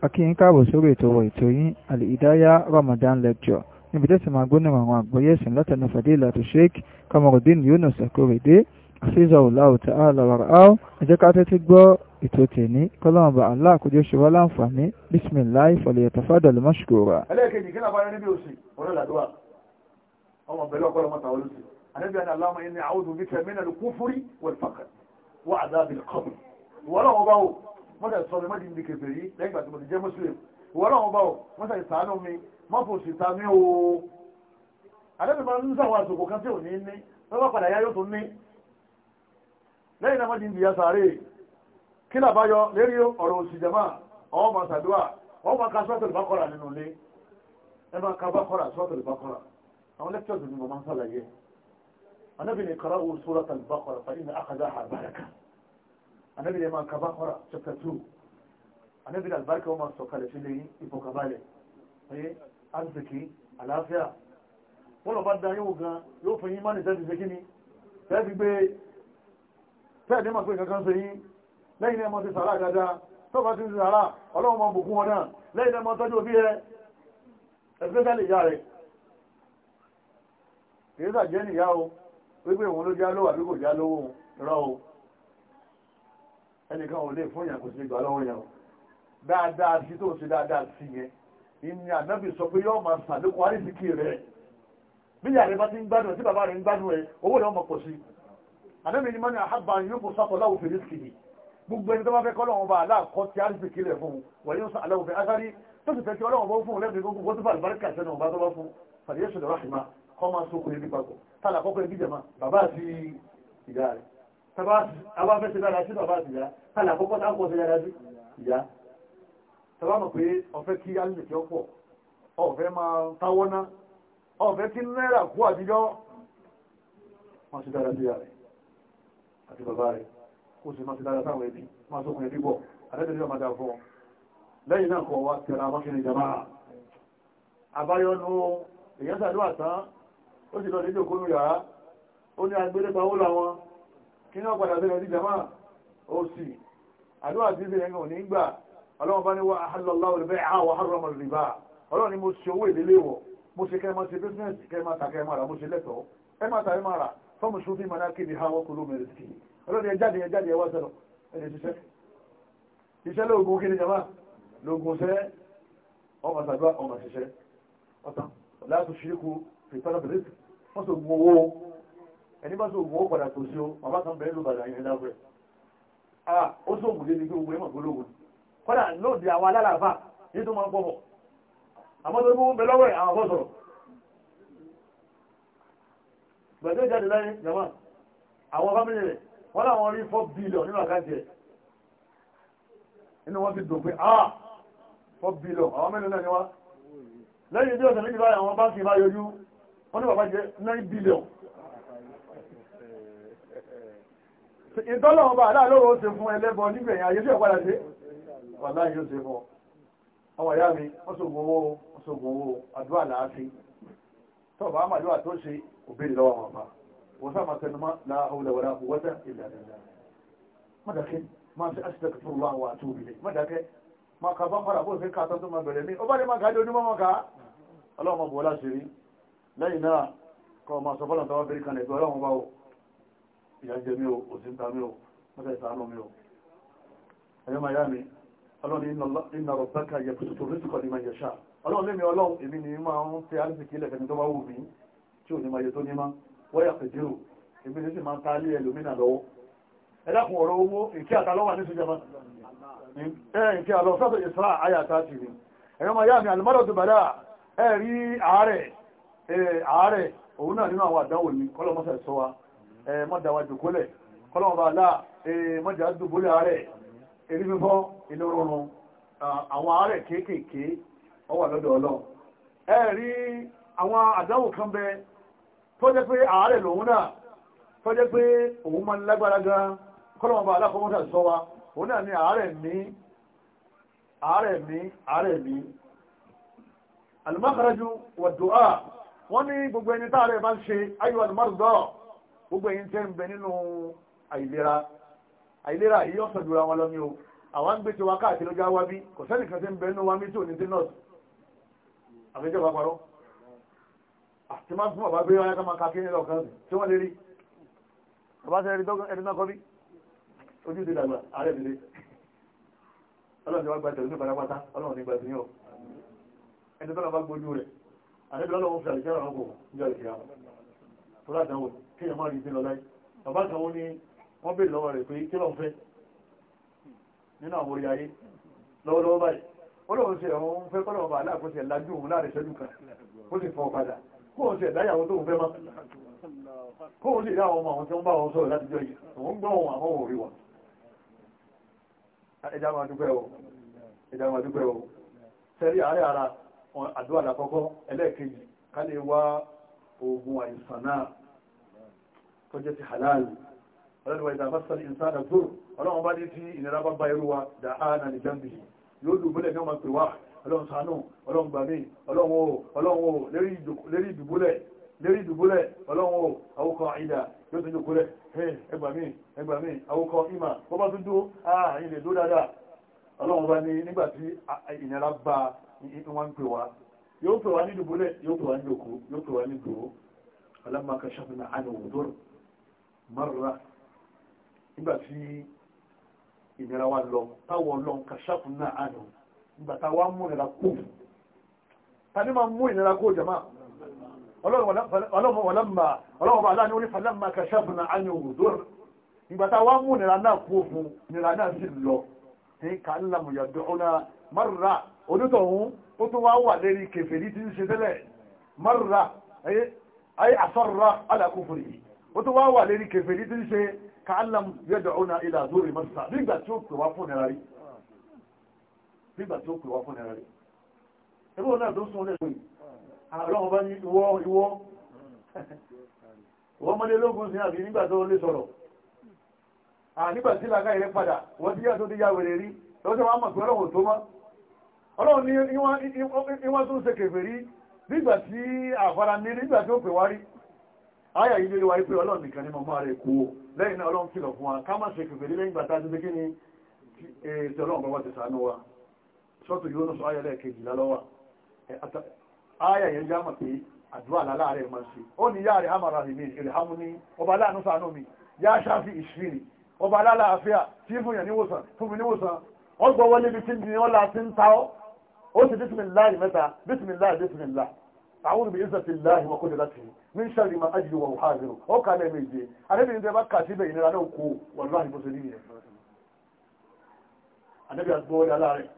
akíyín káàbọ̀ sórí ètò ọ̀rọ̀ ètò yín àlìdáyà Ramadan lecture níbi tẹ́sí máa gbóná àwọn àgbọ̀yé ẹ̀sìn látẹnu Fadilatu Sheikh Kamarudin Yunus Akorede àfihàn ọ̀làwọ̀ tá a lọ rà áwọ̀ ẹ jẹ́ ká tẹ́tí gbọ́ ètò tèmi kọ́lọ́mọba Allah àkójọ ṣe wá láǹfààní bisimilahi falyatafaddal mashkura. ẹlẹ́ẹ̀kejì kí làbáyọ níbi òsì ọ̀rẹ́ làdúrà ọmọ bẹ̀rẹ̀ ọkọ̀ lọ́mọ tàwọn olùsìn ni a'udhu bika minal kufri mọ́tà sọ mi mọ́tì ní kẹfẹ́ yìí lẹ́yìn ìgbà tí mo ti jẹ́ muslim ìwọ náà wọ́n bá o mọ́tà ìsàánú mi mọ́fò sì ta mí o àdébí máa ń sàwọn àsòkò kan tí ò ní ní lọ́wọ́ padà yá yóò tún ní lẹ́yìn náà mọ́tì ń di yasàárè kí làbáyọ lérí ọ̀rọ̀ òsì jama ọ̀ máa sàdúà ọ̀ máa ka sọ́tò ìbákọ́ra nínú ilé ẹ máa ka bákọ́ra sọ́tò ìbákọ́ra àwọn lẹ́kítọ̀sì ni mo máa ń sàlàyé anábìnrin kọ́ra wo sóràtà ìbákọ́ra fa iná anábì lè máa kaba kọ́ra chapter two anábì lè àlùbáríkà wọn máa sọ̀kalẹ̀ sí lè ìfọ̀kàbalẹ̀ ọyẹ arziki àlàáfíà wọ́n lọ bá da yín wò gan yóò fún yín mánì sẹ́ẹ̀dì sẹ́kí ni fẹ́ẹ́ fi gbé fẹ́ẹ̀ ní màá pé kankan sọ yín lẹ́yìn ẹmọ ti sàárà dáadáa tọ́bà ti sàárà ọlọ́run ma bùkún wọn náà lẹ́yìn ẹmọ tọ́jú òbí ẹ ẹgbẹ́gbẹ́lẹ̀ ìyá rẹ̀ èyí sàjẹ́ nìyá o wípé òun ló já lówà bí kò já lówó rọ́ o ẹnìkan ò lè fún ìyàn kò sí ìgbà lọ́wọ́ yẹn dáadáa sí tó ṣe dáadáa sí yẹn ìní ànábì sọ pé yóò máa sàlékún àrísìkí rẹ̀ bí yàrá bá ti ń gbádùn tí bàbá rẹ̀ ń gbádùn ẹ̀ owó rẹ̀ ọmọ pọ̀ sí ànábì ni mọ́ àhábà yóò kó sátọ̀ láwù fèrè sí ni gbogbo ẹni tó bá fẹ́ kọ́ lọ́wọ́ bá aláàkọ́ ti àrísìkí rẹ̀ fún wọ́n yóò sàn aláwù fẹ́ tó sì fẹ́ kí ọlọ́wọ́ bó fún lẹ́bi gbogbo tó fà lùbáríkà sẹ́nu ọba tó bá fún fàdíyẹ́sùn lọ́wọ́ àṣìmá kọ́ máa sókun ẹbí papọ̀ tàbá fẹ́ ṣe dára sí bàbá àti ìyá kálà àkọ́kọ́ tá kọ́ ṣe dára sí ìyá tàbá mọ̀ pé ọ̀fẹ́ kí alẹ́ tí ó pọ̀ ọ̀fẹ́ máa táwọ́ ná ọ̀fẹ́ kí náírà kú àtijọ́ máa ṣe dára sí ìyá rẹ̀ àti bàbá rẹ̀ kó sì máa ṣe dára sáwọn ẹbí máa sókun ẹbí bọ̀ àtẹ́tẹ̀lẹ́ ọmọdé àfọ́ lẹ́yìn náà kọ̀ wá tẹ̀ra mọ́kìnrin jàmáà àbáyọ́nú èèyàn sàdúrà tán ó sì lọ nílò kónú yàrá ó ní agbélépawó làwọn kí náà padà sílẹ̀ sí jama ó sì àdúrà tí ìṣẹ̀lẹ̀ ń ní gbà ọlọ́run bá ní wá ahallallāhu al-bay'a wa harrama ar-ribā ọlọ́run ni mo ṣe owó ìdílé wọ̀ mo ṣe kẹ́ẹ̀mọ́ ṣe bísínẹ́sì kẹ́ẹ̀mọ́ ta kẹ́ẹ̀mọ́ ra mo ṣe lẹ́tọ̀ọ́ kẹ́ẹ̀mọ́ ta kẹ́ẹ̀mọ́ ra fọ́ọ̀mù ṣúfì mọ́ná kéde ha wọ́n kúrò mẹ́rin sí ọlọ́run ẹni bá sóògùn ó padà kò sí o bàbá kan bẹ̀rẹ̀ ló bàdà yẹn lábẹ́ ah ó sóògùn dé ní pé ogun ẹmọ̀ gbólógùn kọ́dà lóòdì àwọn alálàáfà ní tó máa ń pọ̀pọ̀ àmọ́ tó gbóhùn bẹ lọ́wọ́ ẹ̀ àwọn afọ́sọ̀rọ̀ gbẹ̀dẹ́ jáde láyé jama àwọn fámìlì rẹ̀ wọ́n láwọn rí 4 billion nínú àkáǹtì ẹ̀ inú wọ́n fi dùn pé ah 4 billion àwọn mẹ́rin náà ni wá lẹ́yìn tí ọ̀sẹ̀ méjì báyìí àwọn báńkì bá yọjú wọ́n ní bàbá jẹ́ 9 billion ìtọ́lọ́wọ́ bá aláàlọ́wọ́ ó ṣe fún ẹlẹ́bọ nígbẹ̀yìn ayé tí ọ̀padà sí ọ̀lá yóò ṣe fún ọmọ ìyá mi ọ̀ṣọ̀gbọ̀wọ́ ọ̀ṣọ̀gbọ̀wọ́ àdúrà láàáfí tọ́ọ̀bá àmàdúrà tó ṣe òbèrè lọ́wọ́ bàbá la sá máa tẹnumọ́ láàáhùlẹ̀ wọ́n láàáhù ìyájẹ́ mi ò òsìta mi ò mọ́tẹ̀ ìsànà mi ò ẹ̀yọ́ màá yá mi ọlọ́run iná rọ̀bẹ́kà yẹ kò tó rísìkọ̀ ní máa yẹ̀ṣà ọlọ́run lé mi ọlọ́run èmi ni máa ń fẹ́ àrísìkí ilẹ̀ fẹ́ni tó bá wù mí tí ò ní máa yẹ tó ní má wọ́yà pẹ̀jẹ́rò èmi ní sì máa ń ta ilé ẹlòmínà lọ́wọ́ ẹ̀dàkùn ọ̀rọ̀ owó ìkí àtàlọ́wà ní ìṣèjọba ìkí àlọ́ sọ́tọ̀ ìsra àyàtà ti ni ẹ̀yọ́ máa yá mi àlùmọ́dọ̀ tó bàdá ẹ̀ rí àárẹ̀ àárẹ̀ òun náà nínú àwọn àdánwò ni kọ́lọ́mọ́sẹ̀ sọ wa mọ́dàwà jùkúlẹ̀ aláà mọ́dà dùbúlẹ̀ ààrẹ erí mímọ́ ìlórun àwọn ààrẹ kéékèèké ọwà lọ́dọ̀ ọlọ́ ẹ rí àwọn àdáwò kan bẹ tó jẹ́ pé ààrẹ lòun náà tó jẹ́ pé òun ma lágbára gan ni gbogbo ẹni ń ṣe gbogbo ẹ̀yin tẹ́ ń bẹ nínú àìlera àìlera yìí ọ̀sán jura wọn lọ ní o àwọn ń gbé tiwa káàkiri lọ́jọ́ wá bí kò sẹ́nì kan tí ń bẹ nínú wa mí tí ò ní tenors àfẹ́jọ́ bá parọ́ àti máa ń fún bàbá gbé ọyá ká máa ka kí nílò kan tí wọ́n lè rí bàbá sẹ́ ẹni náà kọ́ bí ojú ti dàgbà ààrẹ ìdílé ọlọ́run ti wá gba tẹ̀lé pátápátá ọlọ́run ní gba tẹ̀lé ọ̀ ẹni tó bá gbójú rẹ̀ àdébìlọ́lọ́run fi àlìkẹ́ ọkọ̀ níjọ́ ìkìyàwó kí ẹ nínú àwọn ayé lọ́wọ́lọ́wọ́ báyìí ó lóun ṣe fẹ́ kọ́lọ̀ ọba aláàkóṣe lájú òun láàrin kan ó sì fọ́ padà kóun ṣe ẹ̀dáyàwó tóun fẹ́ máa kóun sì dáwọn ọmọ àwọn tí wọ́n bá wọn sọ̀rọ̀ láti jọ yìí òun gbọ́ wọn àwọn òrí wọn ẹja máa dúpẹ́ o ẹja máa dúpẹ́ o sẹ́rí àárẹ̀ ara àdúrà lákọ́kọ́ ẹlẹ́ẹ̀kejì ká lè wá oògùn àìsàn náà tó jẹ́ ti halal ọlọ́dúnwà ìdá masal insana zur ọlọ́run bá ní tí ìnira bá bá irú wa da ána ní jambi yóò dùn búlẹ̀ ní ọmọ pè wá ọlọ́run ṣàánú ọlọ́run gbà mí ọlọ́run o ọlọ́run o lérí ìdùbúlẹ̀ lérí ìdùbúlẹ̀ ọlọ́run o àwòkọ ìdá yóò tún jòkúlẹ̀ ẹgbà mí ẹgbà mí àwòkọ ìmà bọ́ bá tún dúró ààrin lè dó dáadáa ọlọ́run bá ní nígbà tí ìnira bá wọn pè wá yóò pè wá ní ìdùbúlẹ̀ yóò pè wá ní jòkó yóò pè wá ní dúró ọlọ́run mọ́rọ̀rá nígbà tí ìnira wa lọ táwọn lọ kàṣàkù náà àná nígbà táwa mú ìnira kó tani máa mú ìnira kó jama ọlọ́mọ wàlámà ọlọ́mọ bàálá ní orí falámà kàṣàkù náà àná òwúdó nígbà táwa mú ìnira náà kó fún ìnira náà sì lọ ní kàálàmù yàdọ̀ ọ̀nà mọ́rọ̀rá onítọ̀hún ó tún wá wà lérí kèfèrí tí ń ṣe tẹ́lẹ̀ mọ́rọ̀rá ayé àsọ̀rọ̀ alákùnfòrè yìí ó tó wá wà lérí kèfè ní ṣe káàlàm yẹ́dọ̀ ọ̀nà ilà lórí mọ́sá nígbà tí ó pè wá fún ẹ̀rọ rí nígbà tí ó pè wá fún ẹ̀rọ rí ẹgbẹ́ ọ̀nà tó sún lẹ́sùn àlọ́wọ́ bá ní ìwọ ìwọ ìwọ mọ́lé lógún sí àbí nígbà tó lè sọ̀rọ̀ nígbà tí làgá padà wọ́n ti yá tó ti yá rí mọ̀ pé ọlọ́run tó mọ́ ọlọ́run tó ń kèfè rí nígbà tí àfara ní Aya yìí lórí wa pé ọlọ́run nìkan ní mọ̀mọ́ rẹ̀ kú lẹ́yìn náà ọlọ́run kìlọ̀ fún wa ká má ṣe kìfèrí lẹ́yìn gbàtà ti fi ni ètò eh, ọlọ́run bọ́wọ́ ti sànú wa sọ́tù yóò lọ́sọ ayà rẹ̀ kejìlá lọ́wà eh, ayà yẹn já amara rẹ̀ mi ìrẹ̀ hamu ní ọba aláàánú sànú mi yá ṣáfi ìṣìrì ọba aláàfíà tí fún yẹn níwòsàn fún mi níwòsàn ọgbọ̀ wọlé bí àwọn ìbìyànjẹ́sì láàrín wọn kó lè láti ní ṣàrí ma ajílù wọn hàzírò ó kà lẹ́ méje anábìnrin tẹ́ bá kà síbẹ̀ ìnira náà kó wọ́n láàrín bóṣe ní ìyẹn anábì àgbọ́wọ́lẹ̀ aláàrẹ̀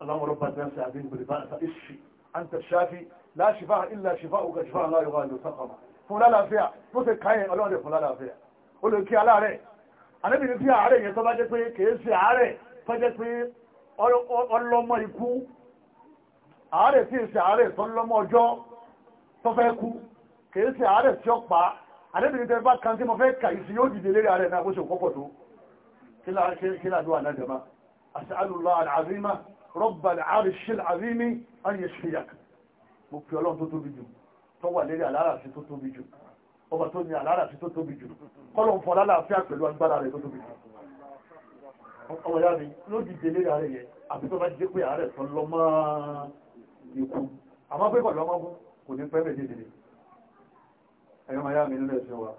aláwọ̀rọ̀ bá dán sí àbí ìgbèrè bá àṣà ìṣì àǹtà ṣáfi láṣìfà ìlà ṣìfà òkà ṣìfà aláyọ̀ wà ní ọ̀sán fún lálàáfíà tó ṣe káyẹ̀ ọlọ́rẹ̀ fún lálàáfíà ó lè kí aláàrẹ̀ anábìnrin tí àárẹ̀ yẹn tó bá jẹ́ pé kìí ṣe àárẹ̀ tó jẹ́ pé ọlọ́mọ ikú àárẹ̀ tí ì ṣe àárẹ̀ tó lọ́mọ ọjọ́ tó fẹ́ kú kìí sí àárẹ̀ tí ó pa àdébìnrin tẹ́ bá kan tí mo fẹ́ kà ìsìn yóò dìde lérí àárẹ̀ náà kó ṣe òkọ́pọ̀ tó kí láàdúwà náà jẹma as'alullah al-azima rabbal arshil azimi an yashfiyak mo fi ọlọ́run tó tóbi jù tó wà lérí àláràsí tó tóbi jù ọba tó ní àláràsí tó tóbi jù kọ́lọ̀ ń fọ lálàáfíà pẹ̀lú agbára rẹ̀ tó tóbi jù ọmọ kò ní pẹ́ méjì dìde ẹ̀yọ́ máa yá mi nílẹ̀ ṣe wa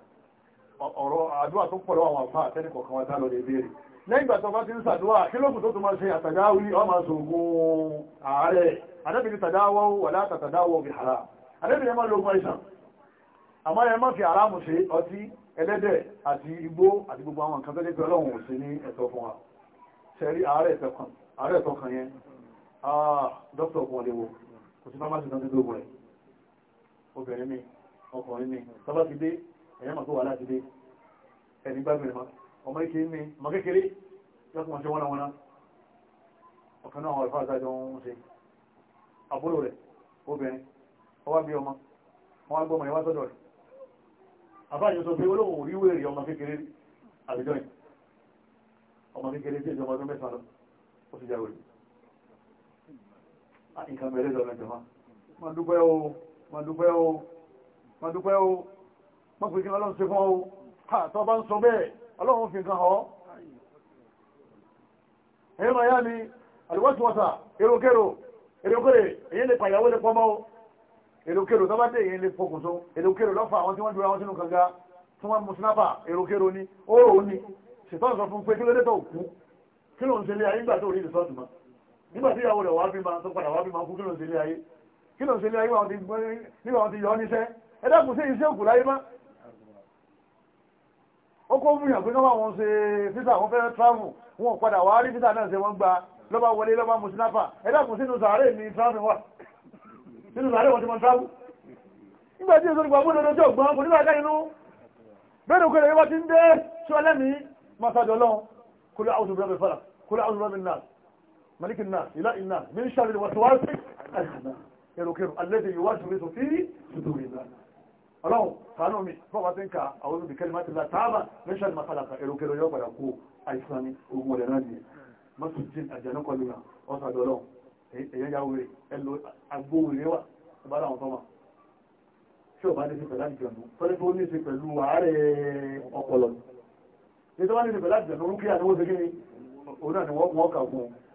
ọ̀rọ̀ àdúrà tó pọ̀ lọ́wọ́ àwọn àfáà tẹ́nìkọ̀ kan wá dálọ́ lè béèrè lẹ́yìn ìgbà tó bá ti ń sàdúrà kí ló kù tó tún máa ṣe àtàdáwí ọmọ sògùn ààrẹ àdẹ́bìnrin tàdáwọ́ wà látàtàdáwọ́ bí hàrá àdẹ́bìnrin máa lóògùn àìsàn àmọ́ ẹ má fi àrámù ṣe ọtí ẹlẹ́dẹ̀ àti igbó àti gbogbo àwọn nǹkan tẹ́lẹ́gbẹ́ ọlọ́run ò sí ní ẹ̀tọ́ fún wa ṣẹ̀rí ààrẹ ẹ̀tọ́ kan yẹn dókítà ọkùnrin wo kò sí fámásì náà tó gbogbo rẹ̀ obìnrin mi ọkùnrin mi tọ́bá ti dé ẹ̀yẹ́ màá tó wà láti dé ẹni gbàgbìnrin ma ọmọ ìkiri mi ọmọ kékeré lọ́kùnrin ṣe wọ́n wọ́n ọ̀kan náà ọ̀rẹ́fà àtàjọ ń ṣe àbúrò rẹ̀ obìnrin ọwá bí ọmọ wọn wá gbọ́mọ̀ ìwá sọ́dọ̀ rẹ̀ àbáyọ sọ pé olóhùn orí wèrè ọmọ kékeré àbíjọ́ yìí ọmọ kékeré tí ìjọba ọdún ah, dúpẹ́ o mọ̀dúpẹ́ o mọ̀dúpẹ́ o mọ́ pé kí ọlọ́run ṣe fún o tọ́ bá ń sọ bẹ́ẹ̀ ọlọ́run fi nǹkan họ́ ẹ̀yẹ́ máa yá ni àlùwọ́síwọ́sà èròkèrò èròkèrè èyí lè pàyàwó lè pọ́mọ́ o èròkèrò tọ́ bá dé èyí lè pokùnso èròkèrò lọ́fà àwọn tí wọ́n dúra wọn sínú kànga tí wọ́n mú sinapa èròkèrò ni oòrùn ni ṣètọ́ sọ fún pé kí ló dé tó kú kí ló ń ṣe lé ayé nígbà tó rí ìsọ́ọ̀tì mọ́ nígbà tí kí ló ń ṣe ní ayé wọn ti yọ níṣẹ́ ẹ dákun sí iṣẹ́ òkú láyé má ó kó mú yàn pé náà wọn ṣe físà wọn fẹ́ẹ́ travel wọn padà wá rí físà náà ṣe wọ́n gba lọ́ba wọlé lọ́ba mùsùlùmá ẹ dákun sínú sàárè ní travel wà nínú sàárè wọn ti mọ travel nígbà tí èso nígbà mú lọ́dọ̀ tó gbọ́n kò nígbà ká inú bẹ́ẹ̀ òkèrè yóò bá ti ń dé sí ọlẹ́mí masajọ lọ́n kó lọ́ àwùjọ bẹ́ẹ̀ fara kó kẹrùkẹrù alẹ́dẹ̀ ìwájú rẹ̀ tó fi rí tuntun rẹ̀ náà ọlọ́run tánú mi bọ́wọ́ tí ń ka àwọn olùbí kẹlìmá ti la táàbà mẹ́ṣẹ́lì makalaka ẹrùkẹrù yọ padà kú àìsàn ní ogun ọ̀rẹ́ náà nìyẹn mọ́tò jín àjẹnúkọlù náà ọ̀sà dọ́lọ́ èyàn ya wèrè ẹlò agbó wèrè wà ìbára àwọn tọ́mà tí ò bá ní sí pẹ̀lá ìjọ̀nù tọ́lé tó ní sí pẹ̀lú ààrẹ ọpọlọ ní tó bá ní sí pẹ̀lá ìjọ̀nù rúkìá ni wọ́n ti kí ni òun náà ni wọ́n kà fún un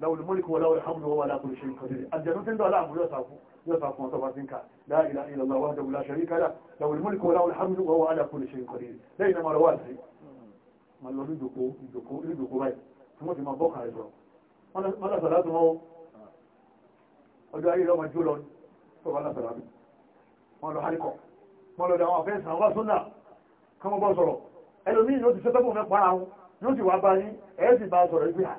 له الملك وله الحمد وهو على كل شيء قدير الجنة تندو على أمر يصعف يصعف مصطفى تنكع لا إله إلا الله وحده لا شريك له له الملك وله الحمد وهو على كل شيء قدير لين مرواته ما لو يدقوا يدقوا يدقوا باي ثم في مبوك على الجو ماذا صلاته هو ọjọ́ ayé lọ́mọ jù lọ tó bá lásàrà bí wọ́n lọ haríkọ̀ wọ́n lọ dáwọn afẹ́ ìsàn wá súnà kọmọ bọ́ sọ̀rọ̀ ẹlòmí yóò ti sẹ́tọ́bùn mẹ́pàá àwọn yóò ti wá bá yí ẹ̀ẹ́sì bá sọ̀rọ̀ ìgbéhàn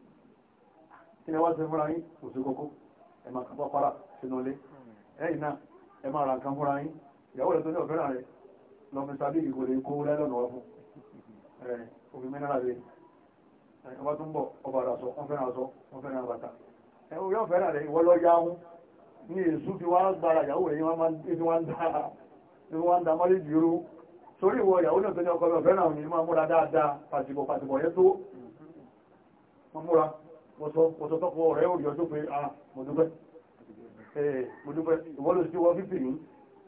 kí lẹ wá ṣe fúnra yín kò sí kókó ẹ máa kàn pàpàrà sínú ilé ẹ̀yìn náà ẹ máa ra nǹkan fúnra yín ìyàwó rẹ̀ tó ní ọ̀fẹ́ràn rẹ̀ lọ́mọ sábì ìgò lè kó lẹ́lọ́nà wá fún omi mẹ́nara rẹ̀ ọba tó ń bọ̀ ọba àdàsọ wọ́n fẹ́ràn aṣọ wọ́n fẹ́ràn bàtà ẹ̀hún yóò fẹ́ràn rẹ̀ ìwọ lọ yá hún ní èsù fi wá gbára ìyàwó rẹ̀ ní wọ́n ń da mọ́lé jùlọ sórí ìwọ ìyàwó náà tó ní ọkọ ọ̀fẹ́ràn òní òṣòtọ́kọ̀ rẹ̀ ó yọjọ́ pé a ah, mọ̀dúgbẹ́ ìwọ́n sí wọ́n fífì ní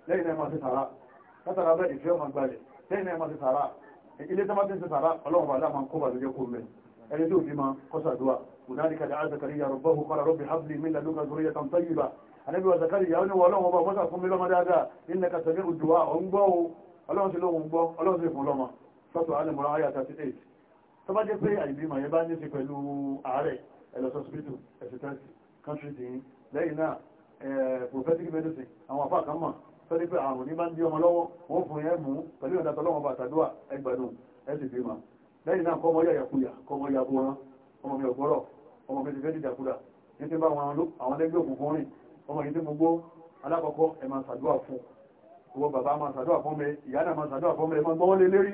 lẹ́yìn náà máa ti sàárá látara bẹ́ ìfẹ́ ọmọ gbalẹ̀ lẹ́yìn náà máa ti sàárá ilé tó máa ti sàárá ọlọ́run bàdá máa ń kó kó mẹ́ ẹni tó fi máa kọ́sàdúwà kùnáríkà dá Zakariya rọ̀bọ́hù kọ́ra rọ́bì habli min ladunka zuriyatan tayyiba ànábì wa Zakariya ó ní wọ́n ọba mọ́sà fún mi lọ́mọ dáadáa innaka sami'ud du'a òun gbọ́ o ọlọ́run sí lóhun gbọ́ ọlọ́run sí fún lọ́mọ sọ́tọ̀ alẹ́mọ̀rán ayà 38 tó bá jẹ́ pé àìbímọ̀ bá ní sí pẹ̀lú àárẹ̀ ẹlọsọsibítù ẹsẹtẹsì kọ́ńtì dìín lẹ́yìn náà prophetic medicine àwọn àfáà kan mọ̀ sọ́dí pé àrùn ní bá ń dí ọmọ lọ́wọ́ wọ́n fún yẹn mú pẹ̀lú ìrìnàtọ̀ lọ́wọ́ bá àtàdúrà ẹgbẹ̀dùn ẹsì bí ma lẹ́yìn náà kọ́mọ yàyà kuyà kọ́mọ ya bó rán ọmọ mi ọ̀gbọ́rọ̀ ọmọ mi ti fẹ́ dìjà kúdà ní ti bá wọn àwọn ẹgbẹ́ òkùnkùn rìn ọmọ yìí ti gbogbo alákọ̀ọ́kọ́ ẹ máa ṣàdúrà fún gbogbo bàbá máa ṣàdúrà fún mi ìyá náà máa ṣàdúrà fún mi ẹ máa gbọ́wọ́ lé lérí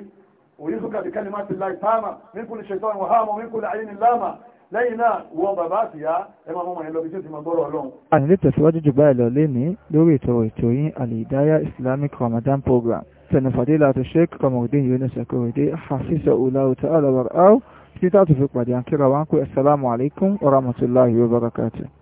òyìnbó kàbíkẹ́ni má ti láì táàmà mí kúlù ṣètọ́ ìwọ̀n háàmù mí kúlù ayé ni láàmà lẹ́yìn náà wọ bàbá àtìyá ẹ máa mọ́mọ́ yẹn lọ tẹ̀síwájú jù báyìí lọ lénìí lórí ètò ètò yín al Islamic Ramadan Program tẹnu fadilatu Sheikh Kamaldeen Yunus Akorede hafizahullahu ta'ala wara'ahu títà tó fi pàdé àkírà wa ń pè assalamu alaikum wa rahmatullahi wa barakatuh.